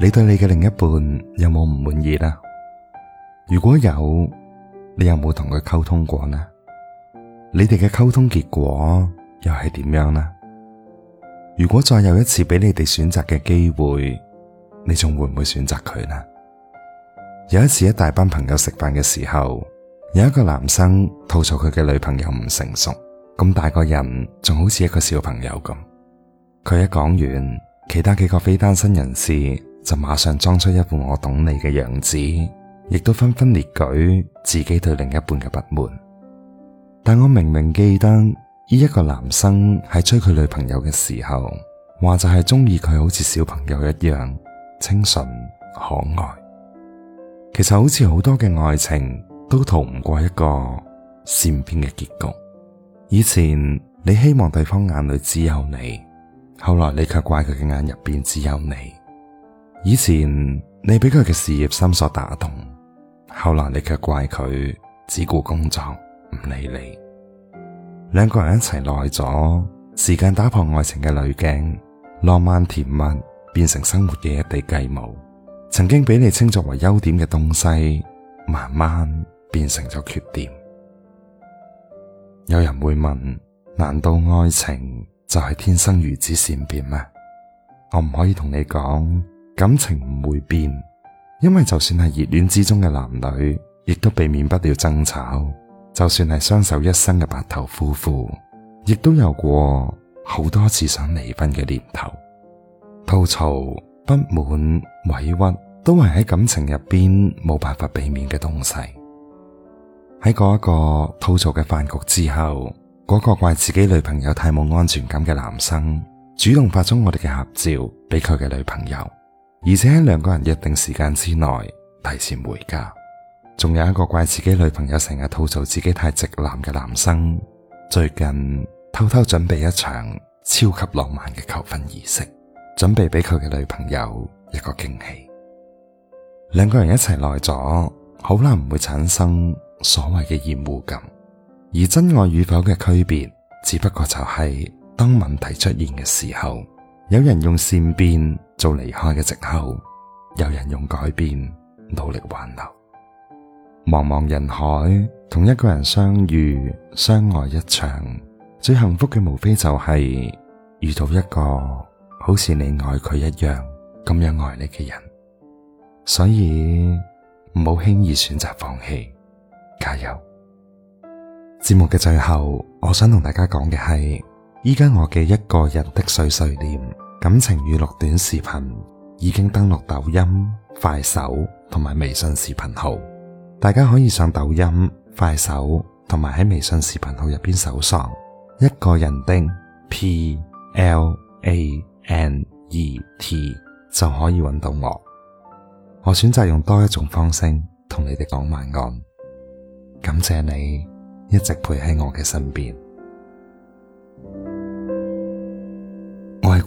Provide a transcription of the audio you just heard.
你對你嘅另一半有冇唔滿意呢？如果有，你有冇同佢溝通過呢？你哋嘅溝通結果又係點樣呢？如果再有一次俾你哋選擇嘅機會，你仲會唔會選擇佢呢？有一次一大班朋友食飯嘅時候，有一個男生吐槽佢嘅女朋友唔成熟，咁大個人仲好似一個小朋友咁。佢一講完，其他幾個非單身人士。就馬上裝出一副我懂你嘅樣子，亦都紛紛列舉自己對另一半嘅不滿。但我明明記得呢一個男生喺追佢女朋友嘅時候，話就係中意佢好似小朋友一樣清純可愛。其實好似好多嘅愛情都逃唔過一個善變嘅結局。以前你希望對方眼裏只有你，後來你卻怪佢嘅眼入邊只有你。以前你俾佢嘅事業心所打動，後來你卻怪佢只顧工作唔理你。兩個人一齊耐咗，時間打破愛情嘅濾鏡，浪漫甜蜜變成生活嘅一地雞毛。曾經俾你稱作為優點嘅東西，慢慢變成咗缺點。有人會問：難道愛情就係天生如此善變咩？我唔可以同你講。感情唔會變，因為就算係熱戀之中嘅男女，亦都避免不了爭吵。就算係相守一生嘅白頭夫婦，亦都有過好多次想離婚嘅念頭。吐槽、不滿、委屈，都係喺感情入邊冇辦法避免嘅東西。喺嗰一個吐槽嘅飯局之後，嗰個怪自己女朋友太冇安全感嘅男生，主動發咗我哋嘅合照俾佢嘅女朋友。而且喺兩個人約定時間之內提前回家，仲有一個怪自己女朋友成日吐槽自己太直男嘅男生，最近偷偷準備一場超級浪漫嘅求婚儀式，準備俾佢嘅女朋友一個驚喜。兩個人一齊耐咗，好難唔會產生所謂嘅厭惡感。而真愛與否嘅區別，只不過就係當問題出現嘅時候。有人用善變做離開嘅借口，有人用改變努力挽留。茫茫人海，同一個人相遇，相愛一場，最幸福嘅無非就係遇到一個好似你愛佢一樣咁樣愛你嘅人。所以唔好輕易選擇放棄，加油！節目嘅最後，我想同大家講嘅係。依家我嘅一個人的碎碎念，感情語錄短視頻已經登錄抖音、快手同埋微信視頻號，大家可以上抖音、快手同埋喺微信視頻號入邊搜索一個人的 P L A N E T 就可以揾到我。我選擇用多一種方式同你哋講晚安，感謝你一直陪喺我嘅身邊。